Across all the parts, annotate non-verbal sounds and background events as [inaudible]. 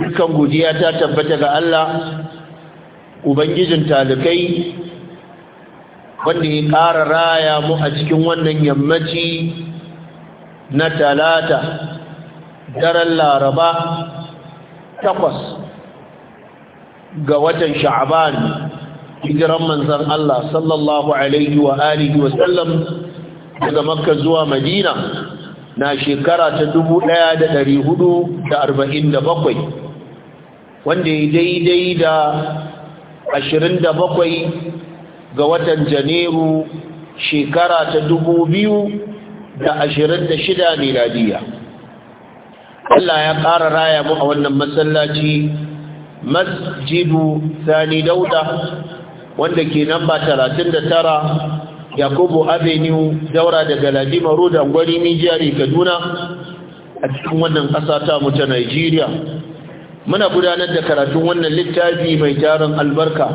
dukkan godiya ta tabbata ga Allah ubangijin talikai wanda ya ƙara raya mu a cikin wannan yammaci na talata daren laraba takwas ga watan sha'aban hijiran manzan Allah sallallahu alaihi wa alihi wa sallam daga makka zuwa madina na shekara ta bakwai. wanda ya daidai da 27 ga watan janairu shekara ta 2026 miladiya Allah ya ƙara raya mu a wannan masallaci masjidu sani dauda wanda ke namba 39 yakubu avenue daura daga ladima da angwari mijiyar kaduna a cikin wannan ƙasa ta mu ta nigeria muna gudanar da karatun wannan littafi mai taron albarka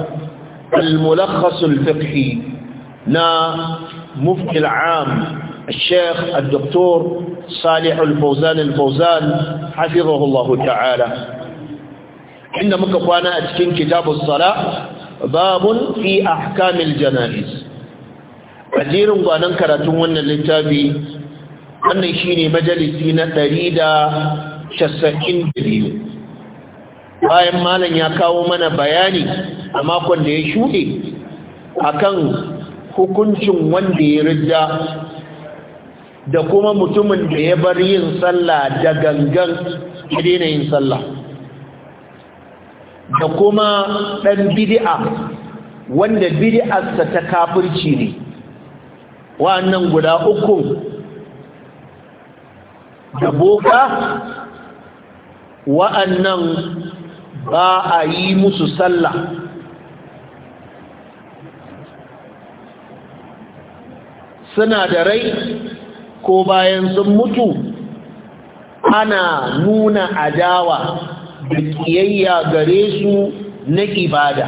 al-mulakhasul fiqhi na mufti al-am الشيخ الدكتور صالح الفوزان الفوزان حفظه الله inda muka kwana a cikin kitabun sala babun fi ahkamil janaiz a jerin gwanon karatun wannan littafi wannan shine majalisi na 192 bayan malam ya kawo mana bayani a makon da ya shuɗe akan hukuncin wanda ya rida da kuma mutumin da ya bar yin sallah da gangan ya yin sallah da kuma ɗan bidi'a wanda bidi'arsa ta kafirci ne wa'annan guda uku da boka wa'annan ba a yi musu sallah suna da rai ko bayan sun mutu ana nuna adawa da kiyayya gare su na ibada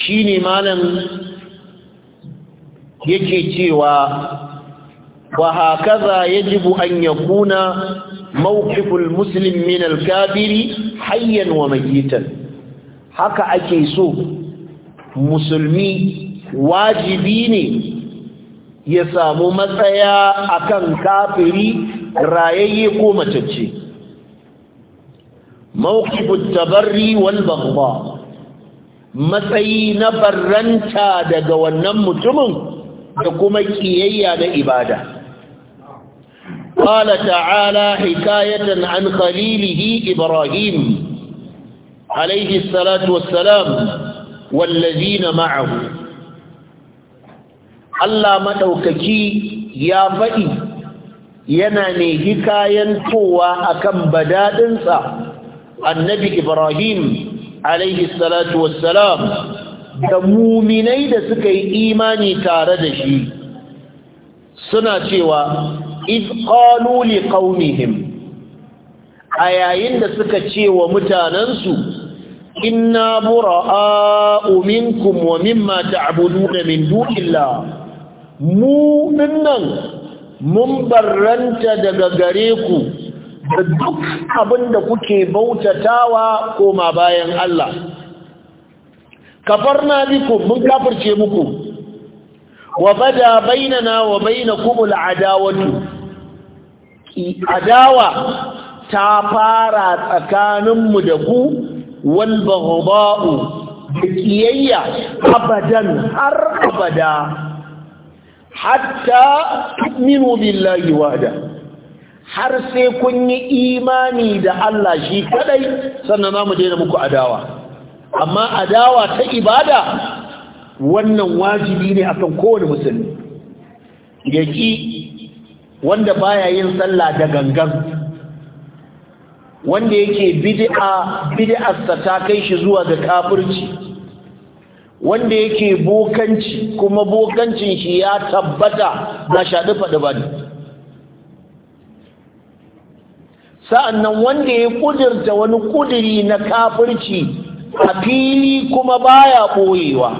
shi ne malam yake cewa ya وهكذا يجب أن يكون موقف المسلم من الكافر حيا وميتا haka ake so musulmi wajibi ne ya samu matsaya akan kafiri rayayye ko matacce mawqifut tabarri wal baghdha matsayi na barranta daga wannan mutumin da kuma ƙiyayya da ibada قال تعالى حكاية عن خليله إبراهيم عليه الصلاة والسلام والذين معه Allah maɗaukaki ya faɗi yana ne hikayantowa a kan badaɗinsa annabi Ibrahim alaihi salatu wassalam da muminai da suka yi imani tare da shi suna cewa iz qalu li qaumihim a yayin da suka ce wa mutanansu inna bura'a'u minkum wa mimma ta'buduna min dunillah mu nan mun barranta daga gare ku da duk abin da kuke bautatawa koma bayan Allah kafarna biku mun kafirce muku wa bada bainana wa bainakum al'adawatu adawa ta fara tsakaninmu da ku wal baghdha'u da kiyayya abadan har abada hatta tu'minu billahi wahda har sai kun yi imani da Allah shi kadai sannan zamu daina muku adawa amma adawa ta ibada wannan wajibi ne akan kowane musulmi yaki wanda baya yin sallah da gangan wanda yake bid'a bid'arsa ta kai shi zuwa ga kafirci wanda yake bokanci kuma bokancin shi ya tabbata ba shaɗi faɗi ba ne sa'annan wanda ya ƙudurta wani ƙuduri na kafirci a fili kuma baya ɓoyewa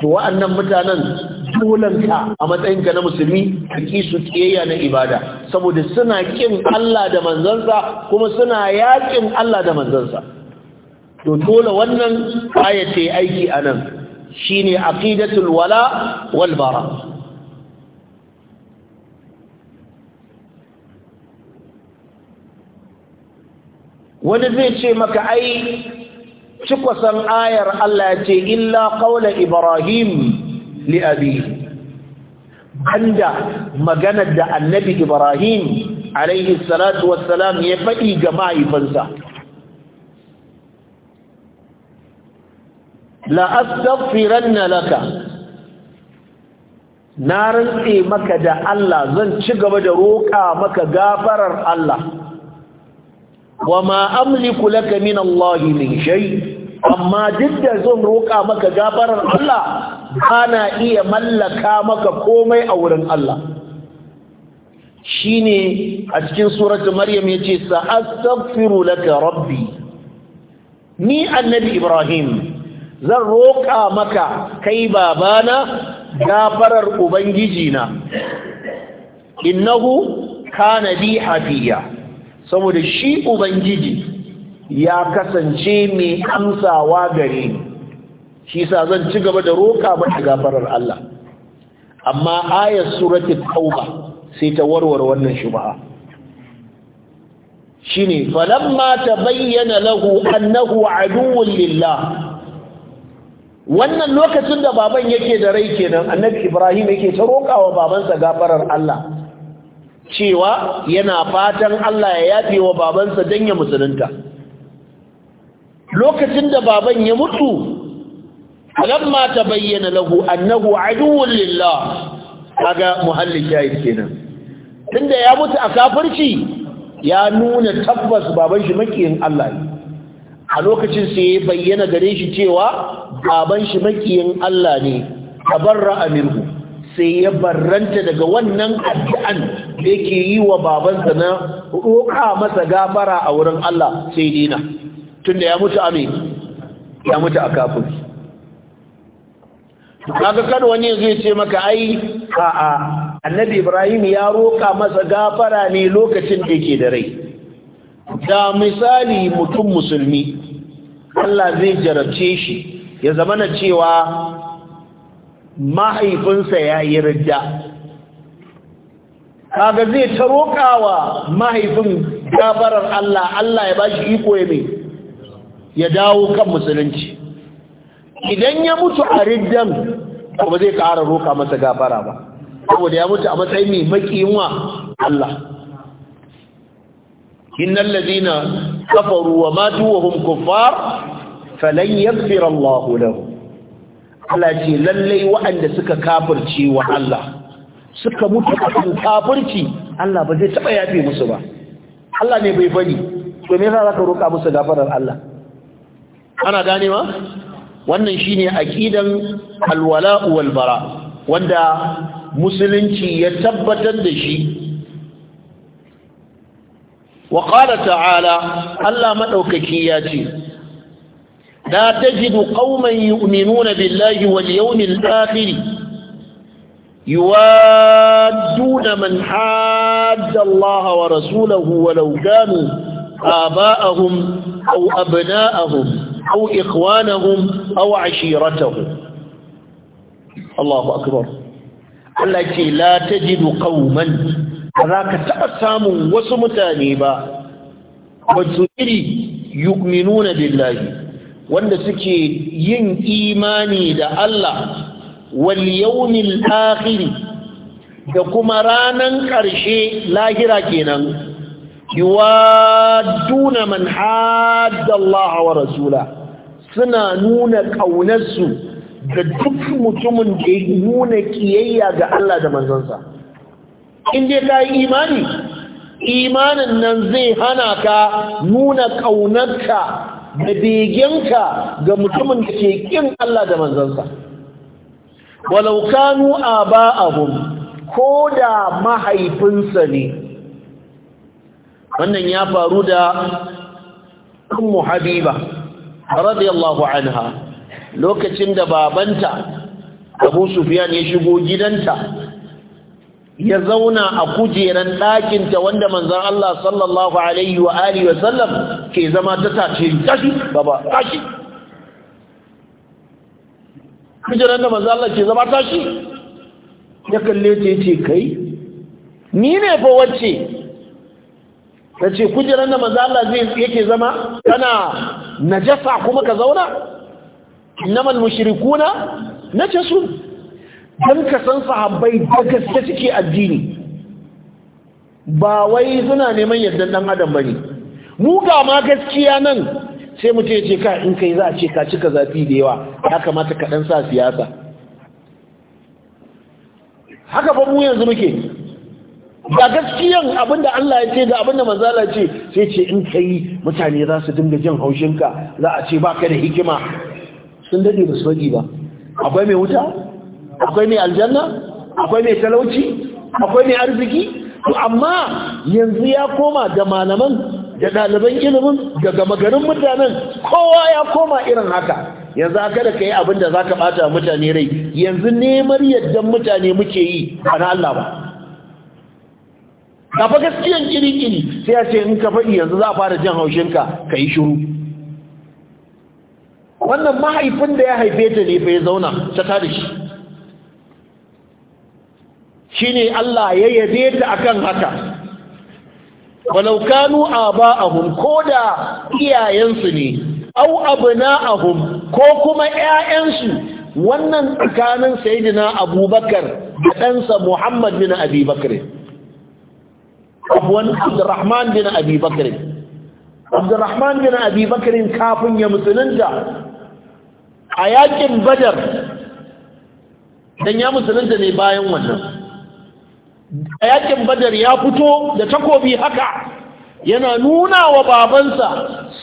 to wa'annan mutanen dolanka a matsayinka na musulmi ka ki su kiyayya na ibada saboda suna kin Allah da manzansa kuma suna yakin Allah da manzansa to dole wannan aya ce aiki anan shine aqidatul wala wal bara wani zai ce maka ai cikwasan ayar Allah ce illa qaula ibrahim li abihi maganar da annabi ibrahim alaihi ya faɗi ga mahaifinsa la astaghfiranna laka na rantse maka da Allah zan ci gaba da roƙa maka gafarar Allah wa ma amliku laka min Allah amma duk da zan roƙa maka gafarar Allah ana iya mallaka maka komai a wurin Allah shine a cikin suratul maryam yace sa'astaghfiru laka rabbi ni annabi ibrahim zan roƙa maka kai babana gafarar ubangiji na innahu kana bi hafiya saboda shi ubangiji ya kasance mai amsawa gare ni shi sa zan ci gaba da roka mata gafarar Allah amma ayar surati tauba sai ta warware wannan shubha shine falamma tabayyana lahu annahu aduwwun lillah wannan lokacin da baban yake da rai kenan annabi Ibrahim yake ta rokawa babansa gafarar Allah cewa yana fatan Allah ya yafe wa babansa dan musulunta lokacin da baban ya mutu lamma ta bayyana lahu annahu aduwwun lillah kaga muhallin shahid kenan tunda ya mutu a kafirci ya nuna tabbas baban shi makiyin Allah ne a lokacin sai ya bayyana gare shi cewa baban shi makiyin Allah ne tabarra minhu sai ya barranta daga wannan addu'an da yake yi wa babansa na roƙa masa gafara a wurin Allah sai dina tunda ya mutu a ya mutu a kafin kaga kada wani zai ce maka ai a'a annabi ibrahim ya roka masa gafara ne lokacin da yake da rai da misali mutum musulmi Allah zai jarabce shi ya zama na cewa mahaifinsa ya yi ridda kaga zai ta wa mahaifin gafarar Allah Allah ya ba shi iko ya mai ya dawo kan musulunci idan ya mutu a riddan ba zai ƙara roka masa gafara ba saboda ya mutu a matsayin mai makiyin wa Allah innal ladina kafaru wa matu wa hum kuffar falan yaghfir Allah lahu Allah ce lallai waɗanda suka kafirci wa Allah suka mutu a kan kafirci Allah ba zai taɓa yafe musu ba Allah ne bai bari to me yasa zaka roƙa musu gafarar Allah ana ganewa wannan shine aqidan alwala wal bara wanda musulunci ya tabbatar da shi wa qala ta'ala Allah maɗaukaki ya ce la tajidu qauman uminuna billahi wal yawmil akhir يوادون wa حاد wa ورسوله ولو كانوا آباءهم أو أبناءهم أو إخوانهم أو عشيرتهم الله أكبر التي لا تجد قوما ذاك تأسام وسمتانيبا وتجري يؤمنون بالله wanda suke yin imani da Allah wal yawmil akhir da kuma ranan ƙarshe lahira kenan yuwadduna man hadda wa rasula suna nuna ƙaunarsu ga duk mutumin da ya nuna kiyayya ga Allah da manzansa in dai ka yi imani imanin nan zai hana ka nuna ƙaunarka da begenka ga mutumin da ke ƙin Allah da manzansa walau kanu aba'ahum ko da mahaifinsa ne wannan ya faru da ummu habiba radiyallahu anha lokacin da babanta abu sufyan ya shigo gidanta ya zauna a kujeran ɗakinta wanda manzan Allah sallallahu alaihi wa alihi wa sallam ke zama ta tace tashi baba tashi kujeran da manzan Allah ke zama tashi ya kalle ta yace kai ni ne fa wacce ta ce kujerar da manzo zai yake zama kana najasa kuma ka zauna Na Na ce sun. dan ka san sahabbai da gaske suke addini ba wai suna neman yadda dan adam bane mu ga ma gaskiya nan sai mu ce ka in kai za a ce ka cika zafi da yawa ya kamata ka dan sa siyasa haka ba mu yanzu muke Da gaskiyan abinda Allah ya ce da abinda manzala ce sai ce in ka yi mutane za su dinga jin haushinka za a ce baka da hikima sun dade ba su faɗi ba akwai mai wuta akwai mai aljanna akwai mai talauci akwai mai arziki To amma yanzu ya koma da malaman da ɗaliban ilimin gama garin mutanen kowa ya koma irin haka yanzu aka da ka yi abin da za ka bata mutane rai yanzu neman yaddan mutane muke yi ba na Allah ba kafa fa gaskiyan kiri-kiri sai ya ce in ka faɗi yanzu za a fara jin haushinka ka yi shiru wannan mahaifin da ya haife ta ne fa ya zauna ta da shi shi ne Allah ya yade ta akan haka walau kanu aba'ahum ko da iyayensu ne au abna'ahum ko kuma yayansu wannan tsakanin sayyidina Abubakar da ɗansa Muhammad bin abubakar abuwan abdurrahman bin abi bakr abdurrahman bin abi kafin ya musulunta a yakin badar dan ya musulunta ne bayan wannan a yakin badar ya fito da takobi haka yana nuna wa babansa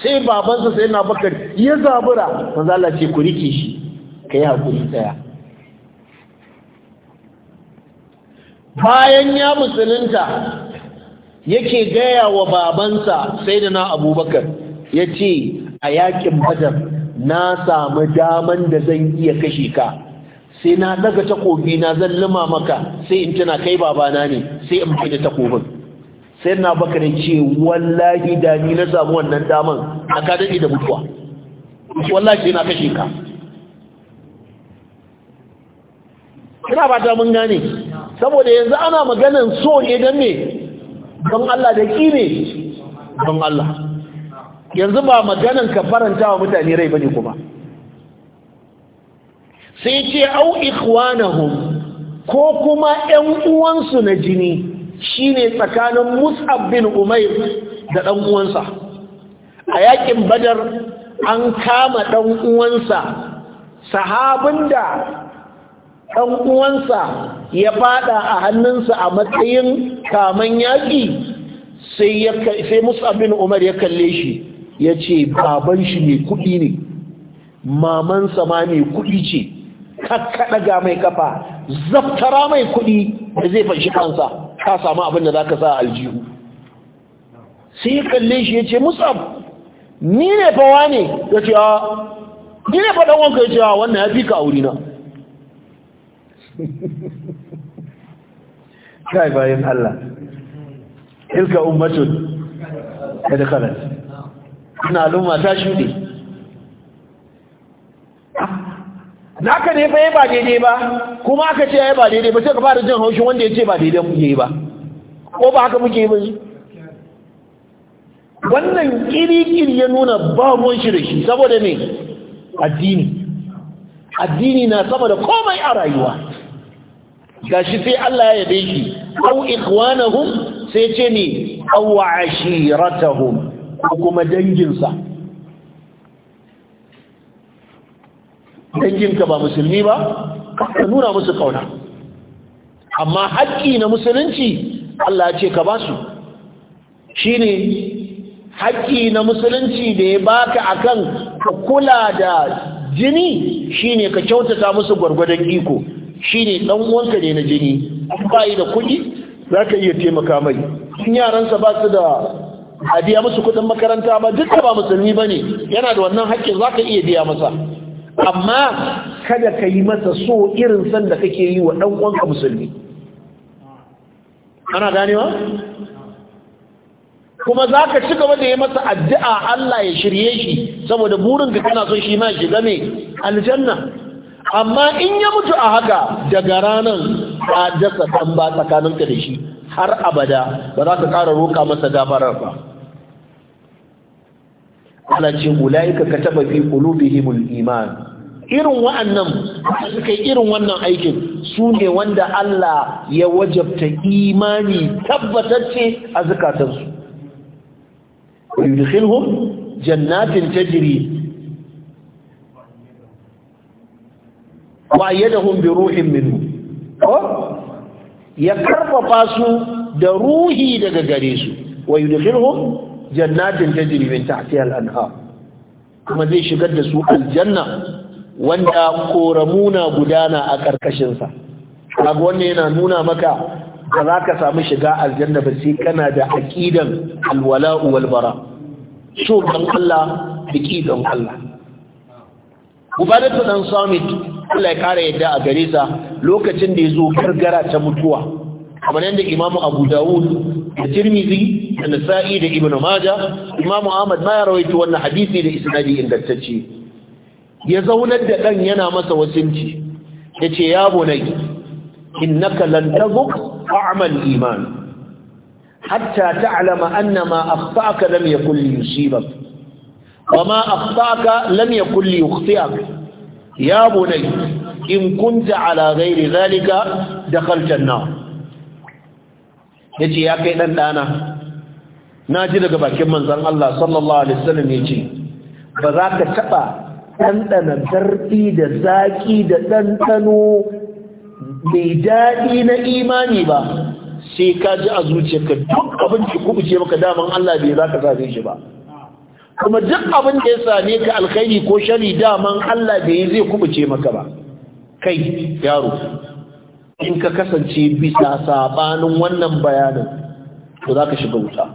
sai babansa sai na bakar ya zabura manzala ce ku rike shi ka yi haƙuri tsaya bayan ya musulunta yake gaya wa babansa sai da na abubakar ya ce a yakin badar na samu daman da zan iya kashe ka sai na daga takobi na zan lima maka sai in tana kai babana ne sai in fi da takobin sai na bakar ce wallahi da ni na samu wannan daman a ka daɗe da mutuwa wallahi sai na kashe ka Kina ba ta mun gane saboda yanzu ana maganan so ne don Allah da ƙi ne don Allah yanzu ba maganan ka faranta wa mutane rai bane kuma sai ce au ikhwanahum ko kuma ƴan uwansu na jini shine tsakanin Mus'ab bin Umair da ɗan uwansa a yakin Badar an kama ɗan uwansa sahabin da ɗan uwansa ya fada a hannunsa a matsayin kaman yaƙi sai musab bin umar ya kalle shi ya ce baban shi mai kuɗi ne mamansa ma mai kuɗi ce kakkaɗa ga mai kafa zaftara mai kuɗi da zai fashi kansa ka samu abin da za ka sa aljihu sai ya kalle shi ya ce musab ni ne fawa ne ya ce a ah, ni ne faɗan wanka ya ce a ah, wannan ya fi ka aurina [laughs] kai bayan Allah tilka ummatun kada kalat ina al'umma ta shuɗe naka ne fa ba daidai ba kuma aka ce ya ba daidai ba sai ka fara jin haushin wanda ya ce ba daidai muke ba ko ba haka muke yi ba wannan kiri-kiri ya nuna ba ruwan shi da shi saboda ne addini addini na sama da komai a rayuwa gashi sai Allah ya yabe shi aw ikhwanahum sai ce ni aw ashiratahum ko kuma danginsa danginka ba musulmi ba ka nuna musu kauna amma haƙƙi na musulunci Allah ce ka ba su shine haƙƙi na musulunci da ya baka akan ka kula da jini shine ka kyautata musu gwargwadon iko shine dan uwanka ne na jini ba yi da kuɗi za ka iya taimaka mai in yaransa ba su da a biya musu kuɗin makaranta ba duk ba musulmi ba ne yana da wannan haƙƙin za ka iya biya masa amma kada ka yi masa so irin san da kake yi wa ɗan uwanka musulmi ana ganewa kuma za ka ci gaba da yi masa addu'a Allah ya shirye shi saboda burin ka kana so shi ma shiga mai aljanna amma in ya mutu a haka daga ranar a jasa ɗan ba tsakaninka da shi har abada ba za ka kara roƙa masa gafarar ba ana ce ula'ika ka taɓa fi himul iman irin wa'annan suka irin wannan aikin su ne wanda Allah ya wajabta imani tabbatacce a zukatansu yudkhilhum jannatin tajri wa da bi ruhin minhu ko ya karfafa su da ruhi daga gare su wa yudkhiluhum jannatin tajri min tahtiha al-anhar kuma zai shigar da su aljanna wanda koramuna gudana a karkashin sa kaga wannan yana nuna maka ba za ka samu shiga aljanna ba sai kana da aqidan alwala'u wal so dan Allah biki dan Allah ubadatu dan samit Allah ya ƙara yadda a gare sa lokacin da ya zo gargara ta mutuwa kamar yadda imamu abu dawud da tirmizi da nasa'i da Ibn maja imamu ahmad ma ya rawaito wannan hadisi da isnadi ingantacce ya zaunar da dan yana masa wasinci yace ya bunai innaka lan tazuk a'mal iman hatta ta'lama anna ma akhta'aka lam yakul yusibak wa ma akhta'aka lam yakul yukhti'aka ya bunai in kunta ala ghairi zalika dakhalta na. yace ya kai dan dana naji daga bakin manzon Allah sallallahu alaihi wasallam yace ba za ka taba ɗanɗana darbi da zaki da ɗanɗano mai daɗi na imani ba sai ka ji a zuciyarka duk abin da kubuce maka daman Allah bai za ka same shi ba kuma duk abin da ya same ka alkhairi ko shari daman Allah da yi zai kubuce maka ba kai yaro in ka kasance bisa sabanin wannan bayanin to za ka shiga wuta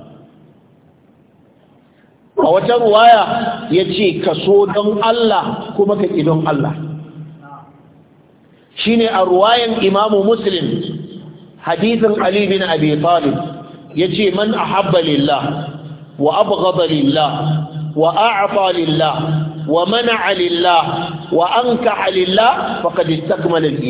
a wata ruwaya ya ce ka so don Allah kuma ka ki don Allah shi ne a ruwayan imamu muslim hadithin Ali bin Abi Talib ya ce man ahabba lillah wa abghada lillah wa a'ata lillah wa mana'a lillah wa ankaha lillah faqad istakmala al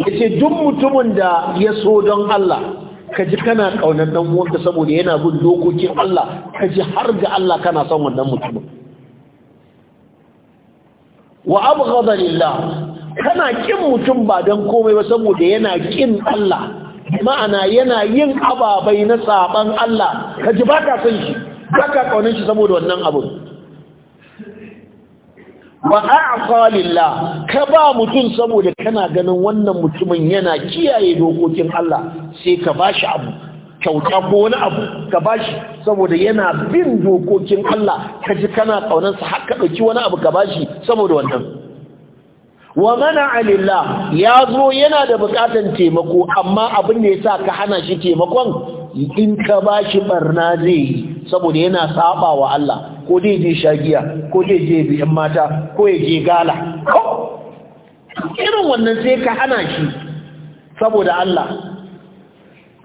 yace duk mutumin da ya so don Allah ka ji kana kaunar dan uwanka saboda yana bin dokokin Allah ka ji har ga Allah kana son wannan mutumin wa abghada lillah kana kin mutum ba dan komai ba saboda yana kin Allah ma'ana yana yin ababai na saban Allah ka ji baka son shi ba kaunin shi saboda wannan abu wa a'ta lillah ka ba mutum saboda kana ganin wannan mutumin yana kiyaye dokokin Allah sai ka bashi abu kyauta ko wani abu ka bashi saboda yana bin dokokin Allah ka ji kana sa, har ka ɗauki wani abu ka bashi saboda wannan wa mana alillah ya zo yana da bukatan taimako amma abin da ya sa ka hana shi taimakon in ka ba shi barna zai yi saboda yana saba wa Allah ko dai je shagiya ko dai je biyan mata ko ya je gala irin wannan sai ka hana shi saboda Allah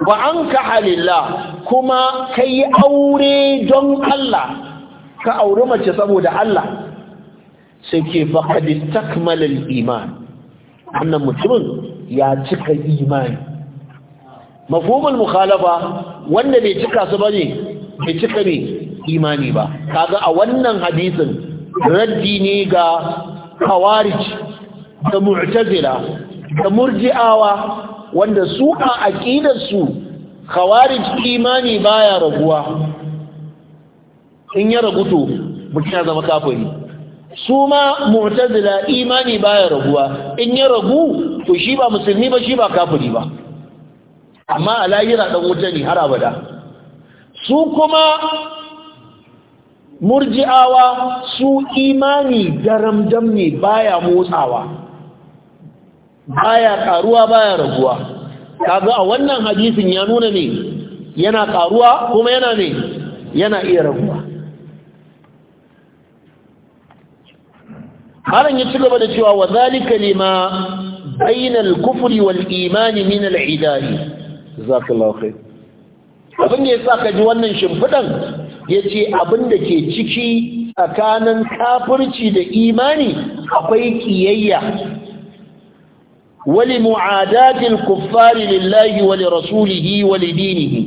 wa an ka halilla kuma ka yi aure don Allah ka auri mace saboda Allah sai ke faƙaɗi takmalin iman wannan mutumin ya cika imani mafhumul mukhalafa wanda bai cika su bane bai cika ne imani ba kaga a wannan hadisin raddi ne ga khawarij da mu'tazila da murji'awa wanda su a aqidar su khawarij imani baya raguwa in ya raguto mutum ya zama kafiri su ma mu'tazila imani baya raguwa in ya ragu to shi ba musulmi ba shi ba kafiri ba amma a lahira ɗan wuta ne har abada su kuma murji'awa su imani daramdam ne baya motsawa baya karuwa baya raguwa kaga a wannan hadisin ya nuna ne yana karuwa kuma yana ne yana iya raguwa haran ya ci gaba da cewa wa zalika lima bainal kufri wal imani min al idari jazakallahu khair abin da yasa ka ji wannan shimfiɗan, ya ce abin da ke ciki tsakanin kafirci da imani akwai kiyayya wali mu'adatil kuffari lillahi wali li rasulihi dinihi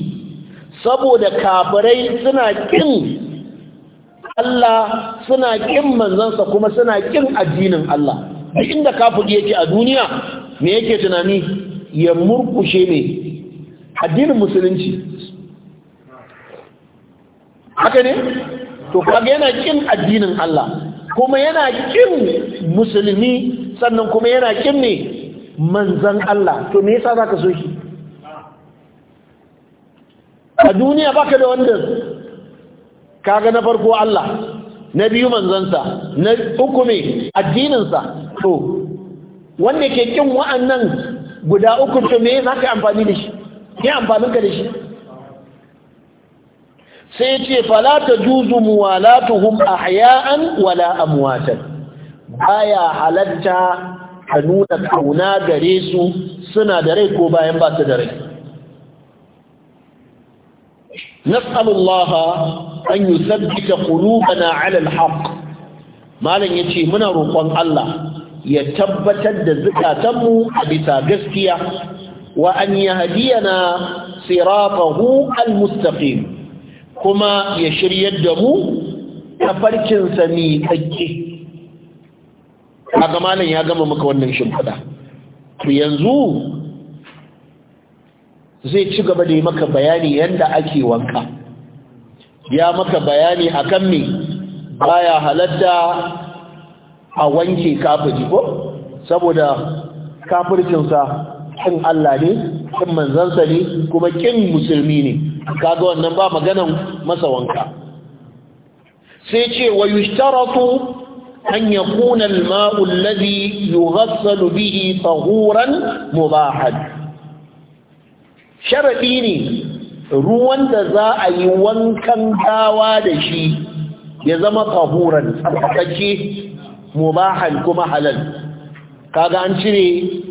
saboda kafirai suna kin Allah suna kin manzansa kuma suna kin addinin Allah duk inda kafiri yake a duniya me yake tunani ya murkushe ne addinin musulunci haka ne to kaga yana kin addinin Allah kuma yana kin musulmi sannan kuma yana kin ne manzan Allah to me yasa zaka so shi a duniya baka da wanda kaga na farko Allah na biyu manzansa na uku ne addininsa to wanda ke kin wa'annan guda uku to me zaka amfani da shi ya amfanin ka sai ya ce falata juzu muwalatuhum ahya'an wala a amwatan baya halarta ka nuna kauna gare su suna da rai ko bayan ba su da rai nas'alu Allah an yusabbita qulubana 'ala al-haqq malan yace muna roƙon Allah ya tabbatar da zukatanmu a bisa gaskiya وأن يهدينا صراطه المستقيم كما يشري الدم كفرك سميك haka malam ya gama maka wannan shimfiɗa to yanzu zai ci gaba da yi maka bayani yadda ake wanka ya maka bayani akan me baya halatta a wanke kafin ko saboda kafircinsa kin Allah ne kin manzansa ne kuma kin musulmi ne kaga wannan ba maganan masa wanka sai ce wa yushtaratu an yakuna al-ma'u alladhi yughassalu bihi tahuran mubahan sharadi ne ruwan da za a yi wankan gawa da shi ya zama tahuran tsarkake mubahan kuma halal kaga an cire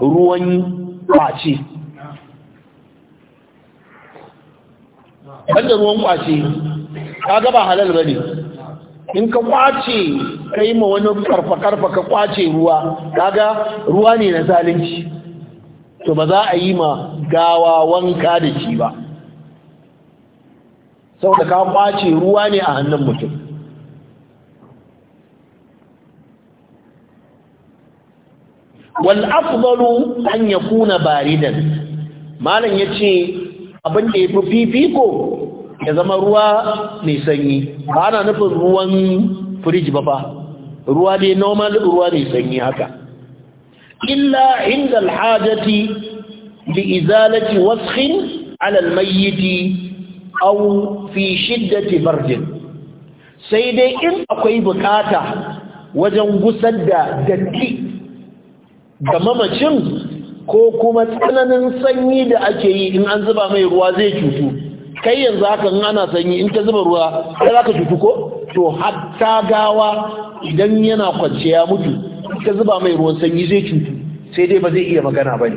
ruwan kwace banda ruwan kwace ka gaba halal bane, in ka kwace ka yi ma wani karfa-karfa ka kwace ruwa kaga ruwa ne na zalunci to ba za a yi ma gawa wanka da shi ba sau da ka kwace ruwa ne a hannun mutum wal afdalu ya kuna baridan malam ce abin da yafi fifiko ya zama ruwa mai sanyi ba ana nufin ruwan firiji ba fa ruwa dai normal ruwa mai sanyi haka illa inda alhajati bi izalati wasxin ala almayyit aw fi shiddati bardin sai dai in akwai bukata wajen gusar da datti ga mamacin ko kuma tsananin sanyi da ake yi in an zuba mai ruwa zai cutu kai yanzu haka in ana sanyi in ta zuba ruwa sai za ka cutu ko to hatta gawa idan yana kwance ya mutu ta zuba mai ruwan sanyi zai cutu sai dai ba zai iya magana ba ne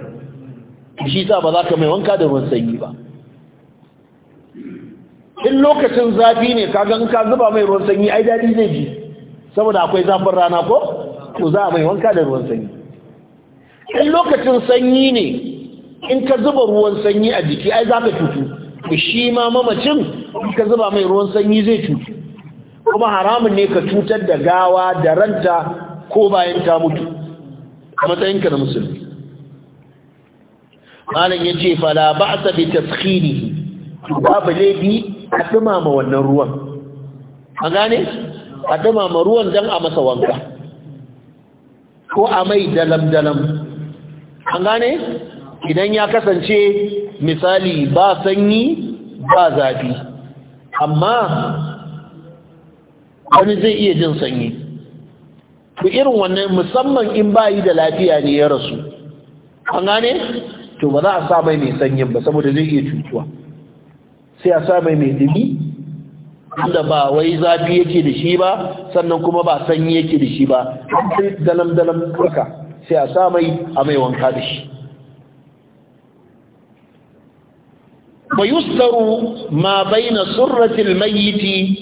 shi sa ba za ka mai wanka da ruwan sanyi ba in lokacin zafi ne ka gan ka zuba mai ruwan sanyi ai daɗi zai ji saboda akwai zafin rana ko to za a mai wanka da ruwan sanyi in lokacin sanyi ne in ka zuba ruwan sanyi a jiki ai za ka cutu shi ma mamacin in ka zuba mai ruwan sanyi zai cutu kuma haramun ne ka cutar da gawa da ranta ko bayan ta mutu a matsayinka na musulmi malam ya ce fala ba a sabi taskiri babu laifi a dumama wannan ruwan a gane a dumama ruwan don a masa wanka ko a mai dalam-dalam an gane idan ya kasance misali ba sanyi ba zafi amma wani zai iya jin sanyi to irin wannan musamman in bayi da lafiya ne ya rasu an gane to ba za a samai mai mai sanyin ba saboda zai iya cutuwa sai a samai mai dubi dumi wanda ba wai zafi yake da shi ba sannan kuma ba sanyi yake da shi ba dalam dalam kurka sai a mai a mai wanka da shi yi yustaru ma baina surrati almayyit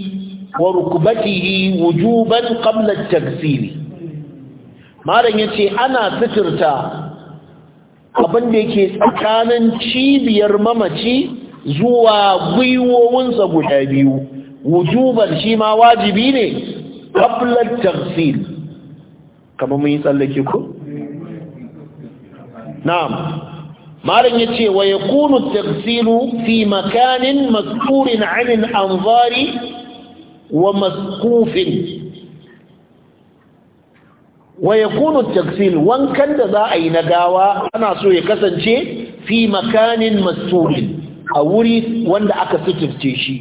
wa rukbatihi wujuban qabla at-taksir malam yace ana fitirta abin da yake tsakanin cibiyar mamaci zuwa gwiwowinsa guda biyu wujuban shi ma wajibi ne qabla taksil. kamar mun yi tsallake ku. na'am malam yace wa yakunu tafsilu fi makanin mazkurin 'an anzari wa maskufin wa yakunu taksil wankan da za a yi na gawa ana so ya kasance fi makanin masturin a wuri wanda aka suturce shi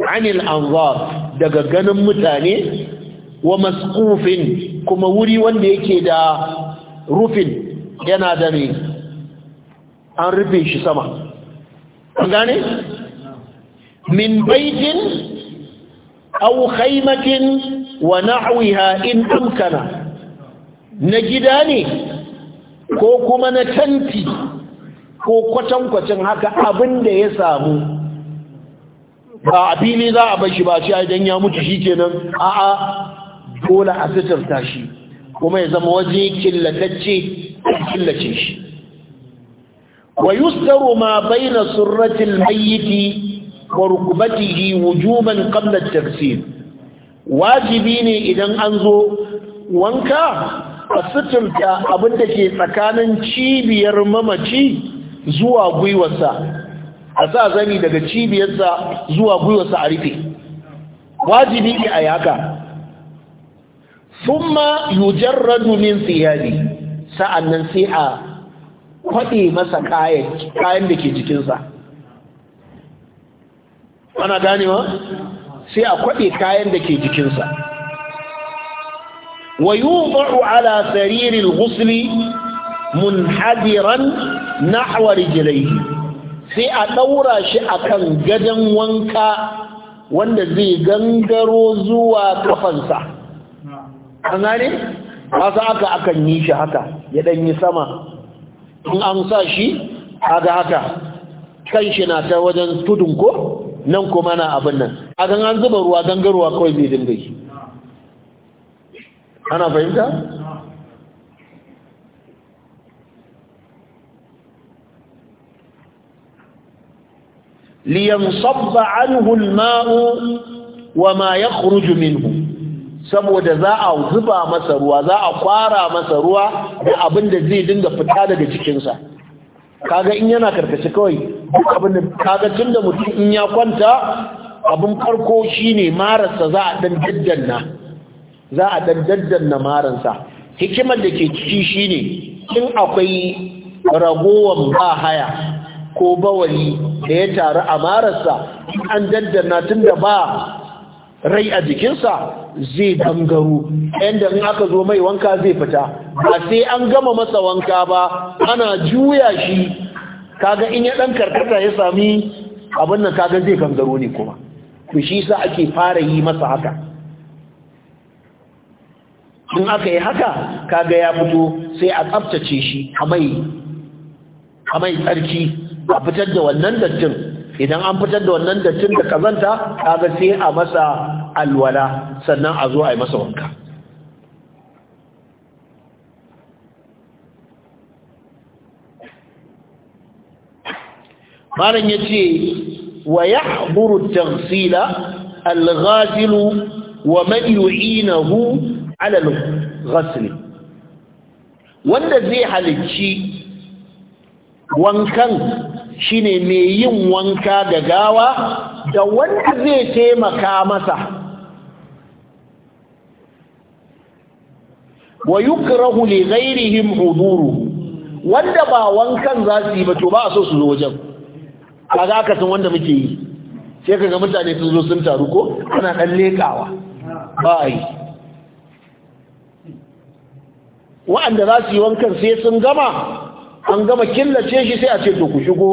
anil anzar daga ganin mutane wa maskufin kuma wuri wanda yake da rufin yana da ne an rufe shi sama an gane min baitin au khaimakin wa na'wiha in amkana na gida ne ko kuma na tanti ko kwatankwacin haka abin da ya samu ba a fili za a bashi ba shi a idan ya mutu shi kenan a'a dole a sitarta shi kuma ya zama waje killatacce killace shi wa yusdaru ma baina surrati al-mayyit wa rukbatihi wujuban qabla at wajibi ne idan an zo wanka a suturta abin ke tsakanin cibiyar mamaci zuwa gwiwarsa a sa zani daga cibiyarsa zuwa gwiwarsa a rufe wajibi ne a yaka ثم يجرد من ثيابه sa'annan sai a kwaɗe masa kayan da ke jikinsa ana ganewa sai a kwaɗe kayan da ke jikinsa wa yubu ala sariril mun hadiran nahwa rijlaihi sai a ɗaura shi a kan gadon wanka wanda zai gangaro zuwa kafansa an gane masu aka akan yi shi haka ya ɗanyi sama in an sa shi ga haka kan shi na ta wajen tudun ko nan kuma na abin nan a gan an zuba ruwa gangarwa kawai mai dinga shi ana fahimta liyan sabba anhu mau wa ma yakhruju minhu saboda za a zuba masa ruwa za a kwara masa ruwa da abin da zai dinga fita daga cikinsa kaga in yana karkace kawai abin da kaga tun da mutum in ya kwanta abin farko shine mararsa za a dan daddanna za a dan daddanna mararsa hikimar da ke ciki shine in akwai ragowar ba haya ko bawali da ya taru a mararsa an daddana tun da ba rai a jikinsa zai gangaro inda in aka zo mai wanka zai fita ba sai an gama masa wanka ba ana juya shi kaga in ya dan karkata ya sami abin nan kaga zai gangaro ne kuma to shi sa ake fara yi masa haka in aka yi haka kaga ya fito sai a tsaftace shi a mai a mai tsarki a fitar da wannan dattin idan an fitar da wannan dattin da kazanta kaga sai a masa alwala sannan a zo a yi masa wanka malam ya ce wa ya haɓuru tansila alghazilu wa mayu'inahu alal ghasli wanda zai halicci wankan shine mai yin wanka da gawa da wanda zai taimaka masa wa yukrahu li ghairihim huduru wanda ba wankan za su yi ba to ba a so su zo wajen kaga aka san wanda muke yi sai kaga mutane sun zo sun taru ko ana dan lekawa ba yi wa'anda za su yi wankan sai sun gama an gama killace shi sai a ce to ku shigo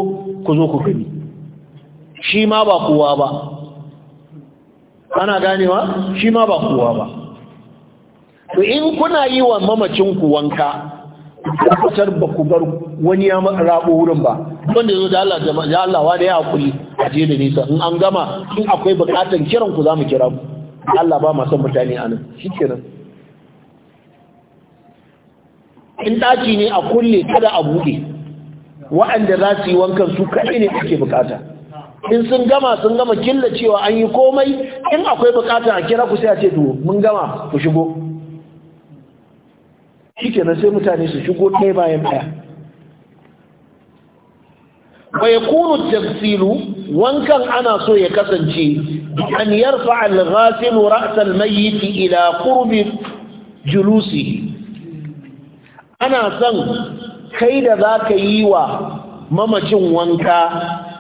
ku zo ku gani shi ma ba kowa ba ana ganewa shi ma ba kowa ba to in kuna yi wa mamacinku wanka tabbatar ba ku bar wani ya rabo wurin ba wanda zo da Allah da Allah wa da ya hakuri a je da nisa in an gama in akwai bukatan kiran ku zamu kira ku Allah ba ma son mutane anan shikenan in daki ne a kulle kada a bude waɗanda za su yi wankan su kai ne ake bukata in sun gama sun gama killacewa an yi komai in akwai bukata a kira ku sai a ce to mun gama ku shigo shikenan sai mutane su shigo ɗaya bayan ɗaya kuru wankan ana so ya kasance an yarfa al-ghasil ra's mayyit ila qurbi julusi. ana son kai da za ka yi wa mamacin wanka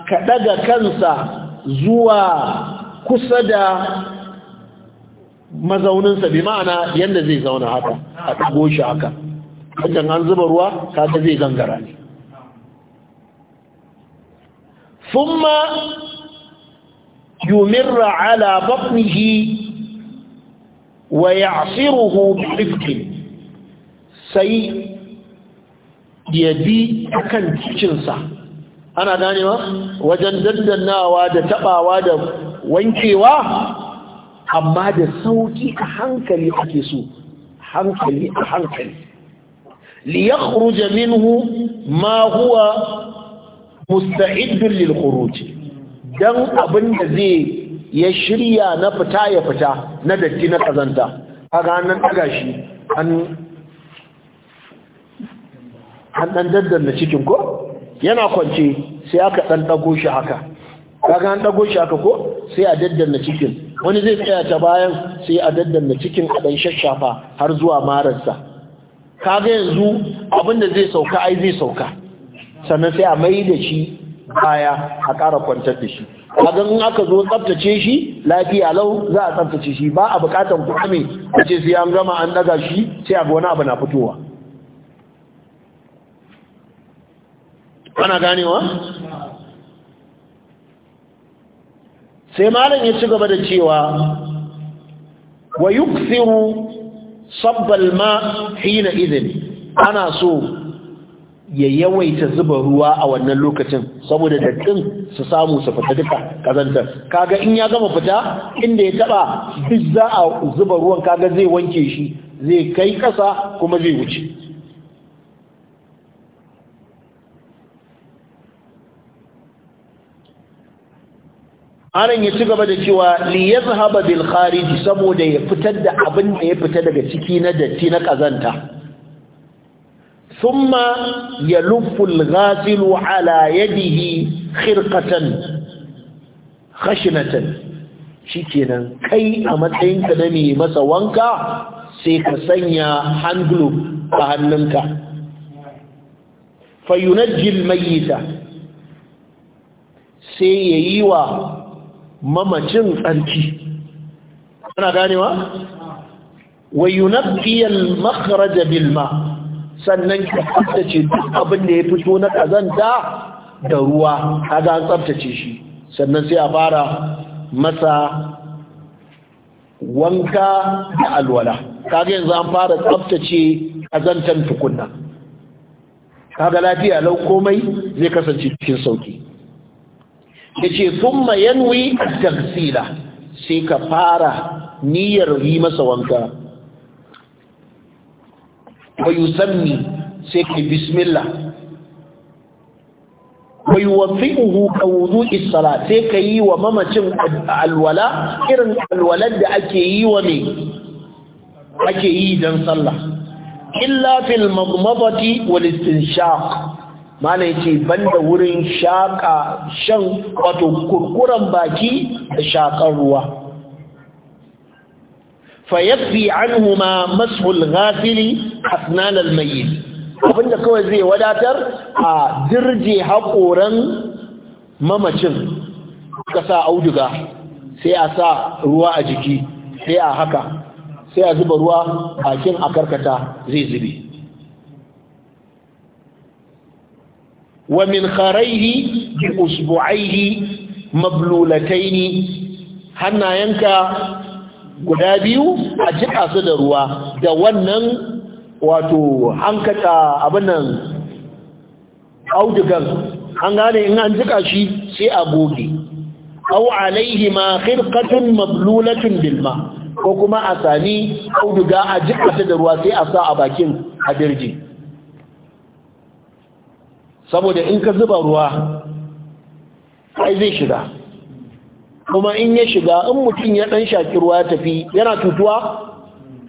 ka daga kansa zuwa kusa da mazauninsa bi ma'ana yadda zai zauna haka a ɗago shi haka wajen an zuba ruwa kaga zai gangara ne thumma yumirra ala batnihi wa ya'siruhu bi sai ya bi akan cikinsa ana ganewa wajen dandannawa da tabawa da wankewa amma da sauki a hankali ake so hankali a hankali liyakhruja minhu ma huwa musta'iddun lil khuruj dan abinda zai ya shirya na fita ya fita na datti na kazanta kaga nan daga shi an an dan cikin ko yana kwance sai aka dan dago shi haka kaga an dago shi haka ko sai a daddanna cikin wani zai tsaya ta bayan sai a daddanna cikin a ɗan shashafa har zuwa mararsa kaga yanzu da zai sauka ai zai sauka sannan sai a mai da shi baya a ƙara kwantar da shi kaga in aka zo tsaftace shi lafiya lau za a tsaftace shi ba a buƙatar kwame a ce sai an gama an daga shi sai a wani abu na fitowa ana ganewa sai malam ya ci gaba da cewa wa yukthiru sabbal ma hina idin ana so ya yawaita zuba ruwa a wannan lokacin saboda dattin su samu su fita duka kazantar kaga in ya gama fita inda ya taba duk za a zuba ruwan kaga zai wanke shi zai kai kasa kuma zai wuce anan ya ci gaba da cewa li yazhaba bil khariji saboda ya fitar da abin da ya fita daga ciki na datti na kazanta thumma ya al ghasilu ala yadihi khirqatan khashnatan shikenan kai a matsayin ka na mai masa wanka sai ka sanya hand glove a hannunka fayunajjil mayyita sai yayi wa mamacin tsarki suna ganewa wa na al makara da sannan ka tsaftace duk abin da ya fito na kazanta da ruwa kaga an tsaftace shi sannan sai a fara masa wanka da alwala kaga yanzu an fara tsaftace kazantan tukunna kaga lafiya lau komai zai kasance cikin sauki yace thumma yanwi a taghsila sai ka fara niyyar yi masa wanka wa yusammi sai ka bismillah wa yuwaffiquhu ka wudu'i salat sai ka yi wa mamacin alwala irin alwalar da ake yi wa ake yi dan sallah illa fil madmadati wal mana yace banda wurin shaka shan wato kurkuran baki da shakar ruwa fayakfi anhuma mashul ghafili asnan almayyit abinda kawai zai wadatar a dirje haƙoran mamacin ka sa auduga sai a sa ruwa a jiki sai a haka sai a zuba ruwa bakin a karkata zai zube wa خريه kharaihi مبلولتين usbu'aihi ينكا hannayenka guda biyu a jiƙa su da ruwa da wannan wato hankata abin nan an gane in an jika shi sai a goge au alaihi ma hirkatun mablulatun bilma ko kuma a sami auduga a jiƙa su da ruwa sai a sa a bakin hadirjin saboda in ka zuba ruwa ai zai shiga kuma in ya shiga in mutum ya dan shaki ruwa ya tafi yana tutuwa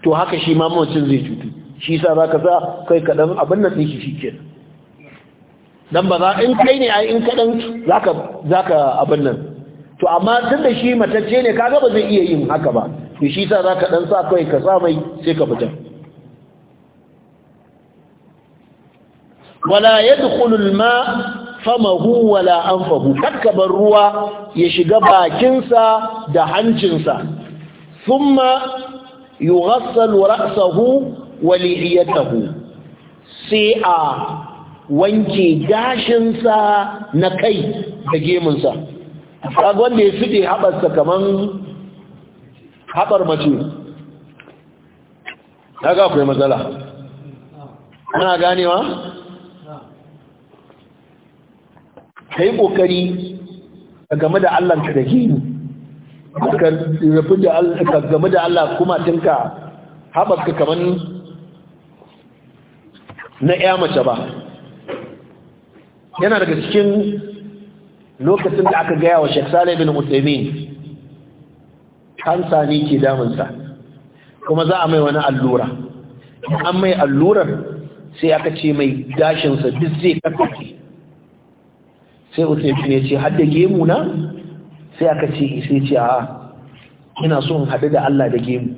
to haka shi ma mutum zai tutu shi sa za ka sa kai kaɗan abin nan ɗin shi ke dan ba za in kai ne ai in kaɗan za ka abin nan to amma tun da shi matacce ne kaga ba zai iya yin haka ba to shi sa za ka ɗan sa kai ka sa mai sai ka fitar wala yadkhulu al-ma famahu wala anfahu takabar ruwa ya shiga bakinsa da hancinsa thumma yughassal ra'sahu wa lihiyatahu sai a wanke gashinsa na kai da gemunsa kaga wanda ya fide habarsa kaman habar mace kaga akwai matsala ana ganewa kai kokari game da Allah ka da ni, ka rafi da Allah game da Allah kuma tinka haɓaka kamar na ya mace ba yana daga cikin lokacin da aka gaya wa Sheikh Saleh bin Uthaymeen kansa ne ke damunsa kuma za a mai wani allura an mai allurar sai aka ce mai gashinsa duk zai karkace sai uthman ya ce hada gemu na sai aka ce sai ce a ina so in haɗu da Allah da gemu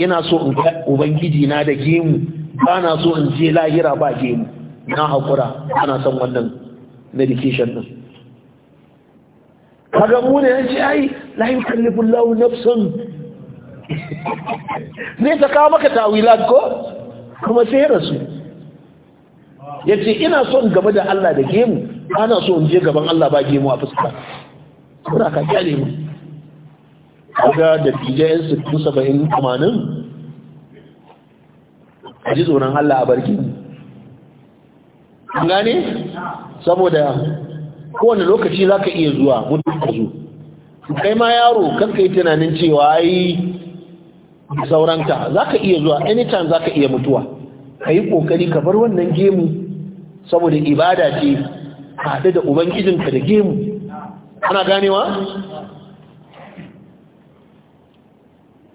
ina so in ga ubangiji na da gemu ba na so in je lahira ba gemu na haƙura ana son wannan medication din kaga mu ne yace ai la yukallifu Allahu nafsan ne [laughs] ta kawo maka tawilat ko kuma sai rasu ya ce ina son gaba da Allah da gemu ana so in je gaban Allah ba gemu a fuska kuna ka kyale mu kaga da tijayen sittin saba'in tamanin a ji tsoron Allah a barki an gane saboda kowane lokaci za ka iya zuwa mutum ka zo kai ma yaro ka yi tunanin cewa yi sauranta, za ka iya zuwa anytime za ka iya mutuwa ka yi ƙoƙari ka bar wannan gemu saboda ibada ce haɗe da ubangijinka da gemu ana ganewa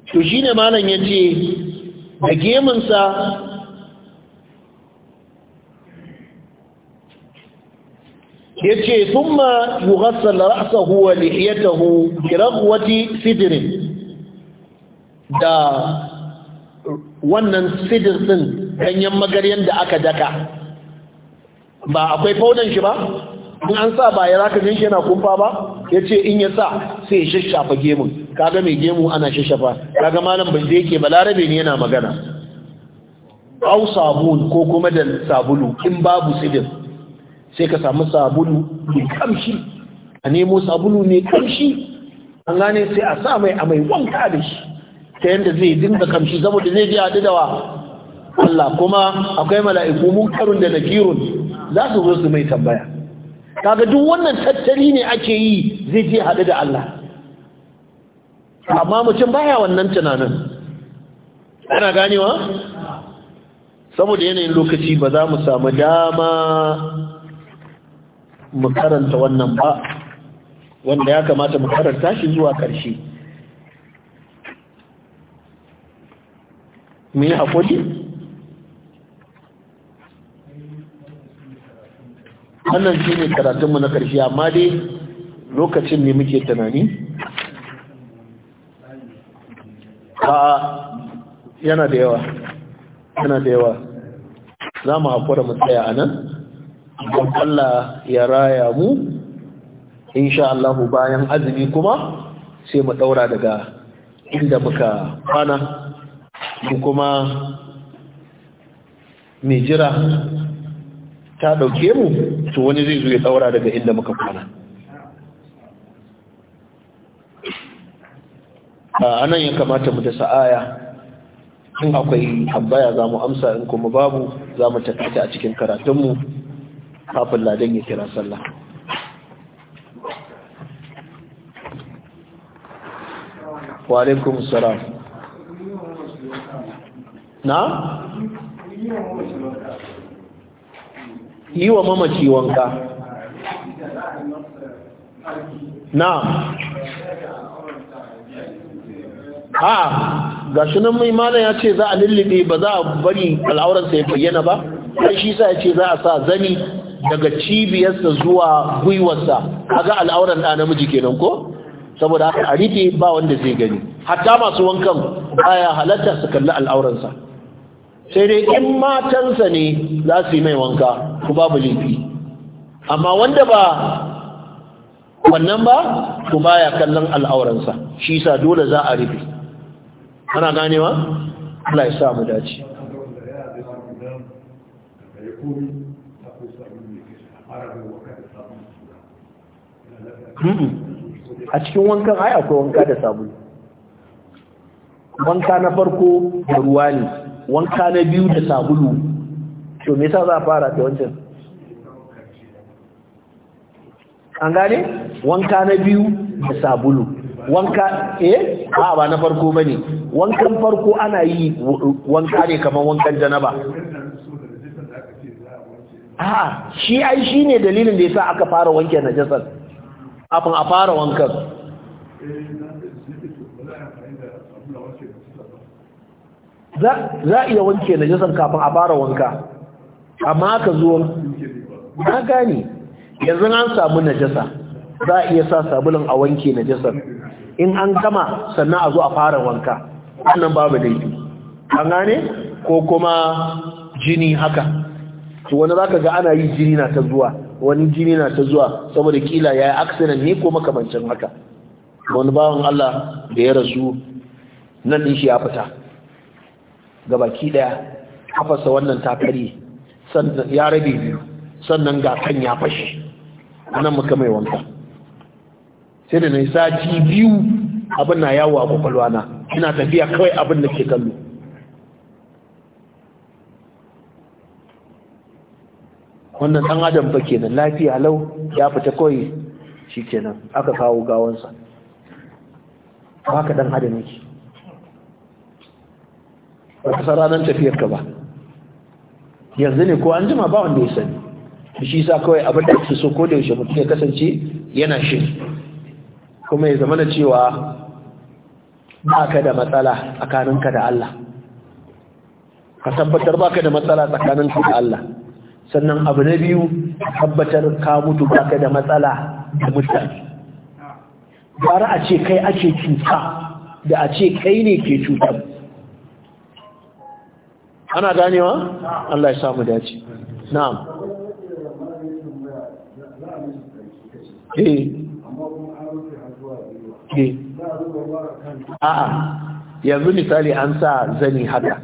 to shi ne malam ya ce da gemunsa ya ce sun ma yi rassar ra'asa huwa lihiyata hu kiragwati sidirin da wannan sidirin ɗin ganyen magaryen da aka daka ba akwai faunan shi ba in an sa ba ya raka gan shi yana kumfa ba Ya ce in ya sa sai ya shashafa gemun kaga mai gemu ana shashafa kaga malam bai yake balarabe ne yana magana au sabun ko kuma da sabulu in babu sidin sai ka samu sabulu mai kamshi a nemo sabulu mai kamshi an gane sai a sa mai a mai wanka da shi ta yadda zai dinga kamshi saboda zai ji haɗu da wa Allah kuma akwai mala'iku munkarun da nakirun za su zo su mai tambaya kaga duk wannan tattali ne ake yi zai je haɗu da Allah amma mutum baya wannan tunanin ana ganewa saboda yanayin lokaci ba za mu samu dama mu karanta wannan ba wanda ya kamata mu karanta shi zuwa ƙarshe mu yi haƙuri wannan shi ne karatunmu na ƙarshe amma dai lokacin ne muke tunani a yana da yawa yana da yawa za mu haƙura mu tsaya a nan don Allah ya raya mu insha Allah bayan azumi kuma sai mu ɗaura daga inda muka kwana kuma mai jira ta ɗauke mu to wani zai zo ya ɗaura daga inda muka kwana a nan ya kamata mu da sa'aya in akwai tambaya za mu amsa in kuma babu za mu tattata a cikin karatunmu kafin ladan ya kira sallah wa alaikum salam na? yi wa mamaci wanka na a ga sunan mai mana ya ce za a lullube ba za a bari al'auransa ya bayyana ba sai shi sa ya ce za a sa zani daga cibiyarsa zuwa gwiwarsa kaga al'auran da namiji kenan ko saboda haka a rufe ba wanda zai gani hatta masu wankan baya halatta su kalli al'auransa sai dai in matansa ne za su yi mai wanka ku babu laifi amma wanda ba wannan ba ku baya kallon al'auransa shi sa dole za a rufe ana ganewa Allah ya sa mu dace a cikin wankan ai akwai wanka da sabulu wanka na farko da ruwa ne wanka na biyu da sabulu to me yasa za a fara da wancan an gane wanka na biyu da sabulu wanka eh a ba na farko bane wankan farko ana yi wanka ne kamar wankan janaba ah shi ai shine dalilin da yasa aka fara wanke najasa abin a fara wankan za a iya wanke na najasan kafin a fara wanka amma ka zo na gane yanzu an samu na najasa za a iya sa sabulun a wanke na najasan in an gama sannan a zo a fara wanka wannan babu laifi an gane ko kuma jini haka wani wani ka ga ana yi jini na ta zuwa wani jini na ta zuwa saboda kila ya yi aksinan ne ko makamancin haka wani bawan Allah da ya rasu nan din shi ya fita ga baki daya kafasa wannan takari ya rabe biyu sannan ga kan ya fashe nan muka mai wanka sai da nai sati biyu abin na yawo a kwakwalwa na ina tafiya kawai abin da ke kallo wannan dan adam fa kenan lafiya lau ya fita kawai kenan aka kawo gawansa haka dan adam yake ba ka san ranar tafiyar ka ba yanzu ne ko an jima ba wanda ya sani shi sa kawai abin da ake so ko da yaushe mutum ya kasance yana shiri kuma ya zama na cewa ba ka da matsala tsakaninka da Allah ka tabbatar ba ka da matsala ka da Allah sannan abu na biyu tabbatar ka mutu ba ka da matsala da mutane gara a ce kai ake cuta da a ce kai ne ke cutar ana ganewa Allah ya samu dace na'am eh a eh. a'a yanzu misali an sa zani haka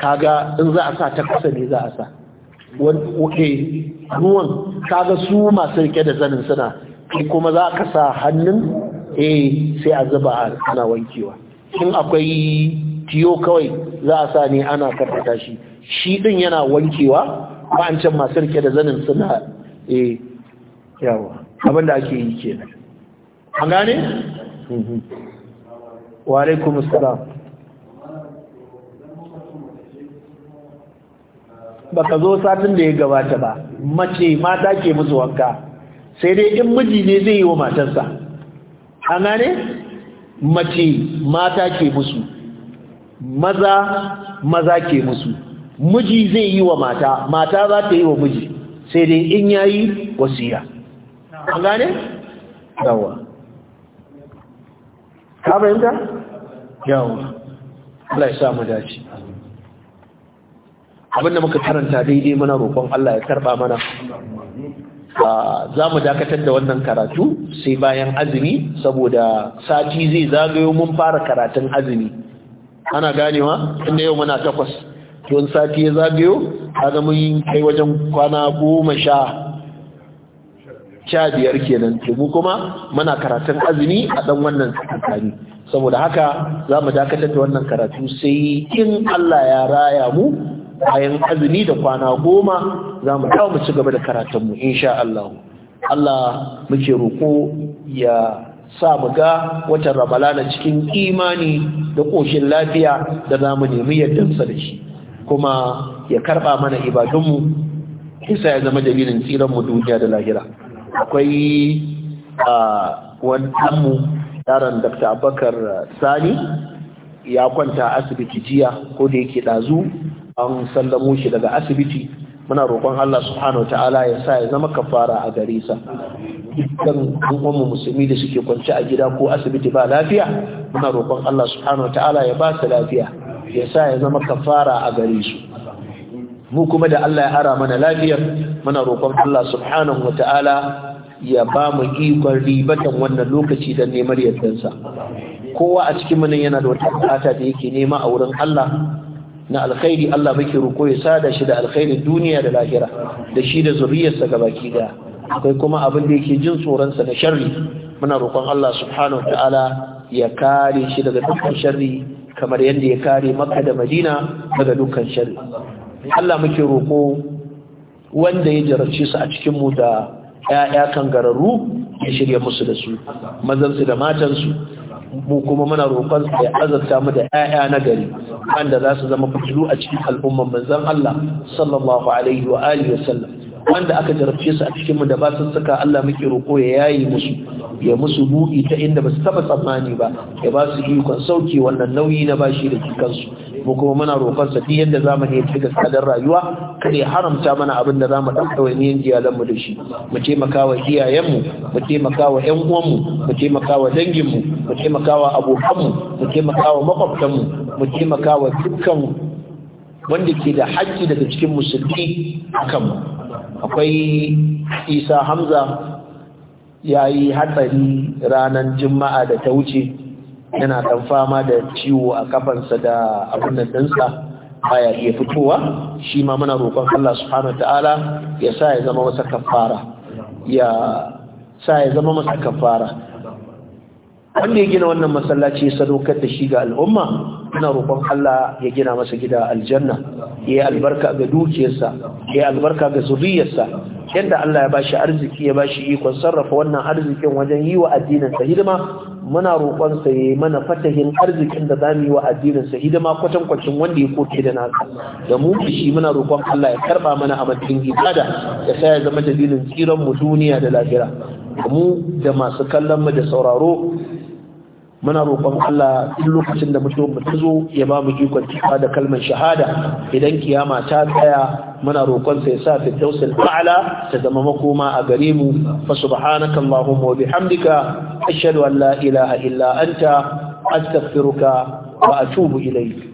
kaga in za a sa ta kasa ne za a sa wani eh, ruwan kaga su masu rike da zanin suna kuma za ka sa hannun eh sai a zuba ana wankewa in akwai tiyo kawai za a sa ne ana karfata shi shi din yana wankewa ba an can masu rike da zanin suna e yawa abinda ake yi ke an gane? Mhm. wa alaikum ba ka zo satin da ya gabata ba mace mata ke musu wanka sai dai in miji ne zai yi wa matarsa an gane? mace mata ke musu maza maza ke musu miji zai yi wa mata mata za ta yi wa miji sai dai in yayi wasiya an gane yawa ka fahimta yawa Allah ya sa dace abinda muka karanta daidai mana roƙon Allah ya karɓa mana za mu dakatar da wannan karatu sai bayan azumi saboda sati zai zagayo mun fara karatun azumi ana ganewa inda yau muna takwas tun sati ya zagayo kaga mun kai wajen kwana goma sha sha biyar kenan mu kuma muna karatun azumi a dan wannan tsakani saboda haka za mu dakatar da wannan karatu sai in Allah ya raya mu bayan azumi da kwana goma za mu dawo mu ci gaba da karatunmu in sha Allah Allah muke roko ya sa mu ga watan ramalana cikin imani da ƙoshin lafiya da za mu nemi yardansa da shi kuma ya karɓa mana ibadunmu isa ya zama dalilin tsiranmu duniya da lahira akwai a wantanmu yaron dr abakar sani ya kwanta asibiti jiya ko da yake ɗazu an sallamo shi daga asibiti muna roƙon Allah subhanahu wa ta'ala ya sa ya zama kafara a gare sa dukkan al'ummar musulmi da suke kwance a gida ko asibiti ba lafiya muna roƙon Allah subhanahu wa ta'ala ya ba su lafiya ya sa ya zama kafara a gare su mu kuma da Allah ya ara mana lafiyar muna roƙon Allah subhanahu wa ta'ala ya ba mu ikon ribatan wannan lokaci don neman yardansa kowa a cikin mu yana da wata bukata da yake nema a wurin Allah na alkhairi Allah muke roko ya sada shi da alkhairin duniya da lahira da shi da zuriyarsa gabaki daya akwai kuma abin da yake jin tsoronsa na sharri muna roƙon Allah subhanahu ta'ala ya kare shi daga dukkan sharri kamar yadda ya kare Makka da Madina daga dukkan sharri Allah muke roƙo wanda ya jarace su a cikin mu da ƴaƴa kan gararru ya shirya musu da su mazansu da matansu mu kuma muna roƙon su ya azabta mu da 'ya'ya na gari wanda za su zama fitilu a cikin al'umman manzon Allah sallallahu alaihi wa alihi wa sallam wanda aka jarabce su a cikin mu da ba sun saka Allah muke roko ya yayi musu ya musu buɗi ta inda ba su taba tsammani ba ya ba su ikon sauke wannan nauyi na bashi da kansu mu kuma muna roƙon sa duk yadda zamani ya cika sadar rayuwa kare haramta mana abin da zamu dauka yin iyalan mu da shi mu taimaka wa iyayen mu mu taimaka wa ƴan uwan mu mu taimaka wa dangin mu mu abokanmu, wa abokan mu mu taimaka wa makwabtan mu mu taimaka wa dukkan wanda ke da haƙƙi daga cikin musulmi akan mu akwai isa hamza ya yi hatsari ranar juma'a da ta wuce yana ɗan fama da ciwo a kafansa da abin dinsa ba baya iya fitowa shi ma muna roƙon Allah subhanahu ta'ala ya sa ya zama masa kafara ya sa ya zama masa kafara wanda ya gina wannan masallaci sadaukar da shi ga al'umma ina roƙon Allah ya gina masa gida aljanna ya albarka ga dukiyarsa ya albarka ga zuriyarsa yadda Allah ya bashi arziki ya bashi ikon sarrafa wannan arzikin wajen yi wa addinin sa hidima muna roƙon sa mana fatahin arzikin da zamu yi wa addinin sa hidima kwatan kwacin wanda ya koke da nasa da mu shi muna roƙon Allah ya karba mana a madadin ibada ya sa ya zama dalilin tsiran mu duniya da lahira mu da masu kallon mu da sauraro muna roƙon Allah duk lokacin da mutum mu tazo ya ba mu ikon cika da kalmar shahada idan kiyama ta tsaya muna roƙon sa ya sa fitausul a'la ta zama makoma a gare mu fa subhanaka allahumma wa bihamdika ashhadu an la ilaha illa anta astaghfiruka wa atubu ilayk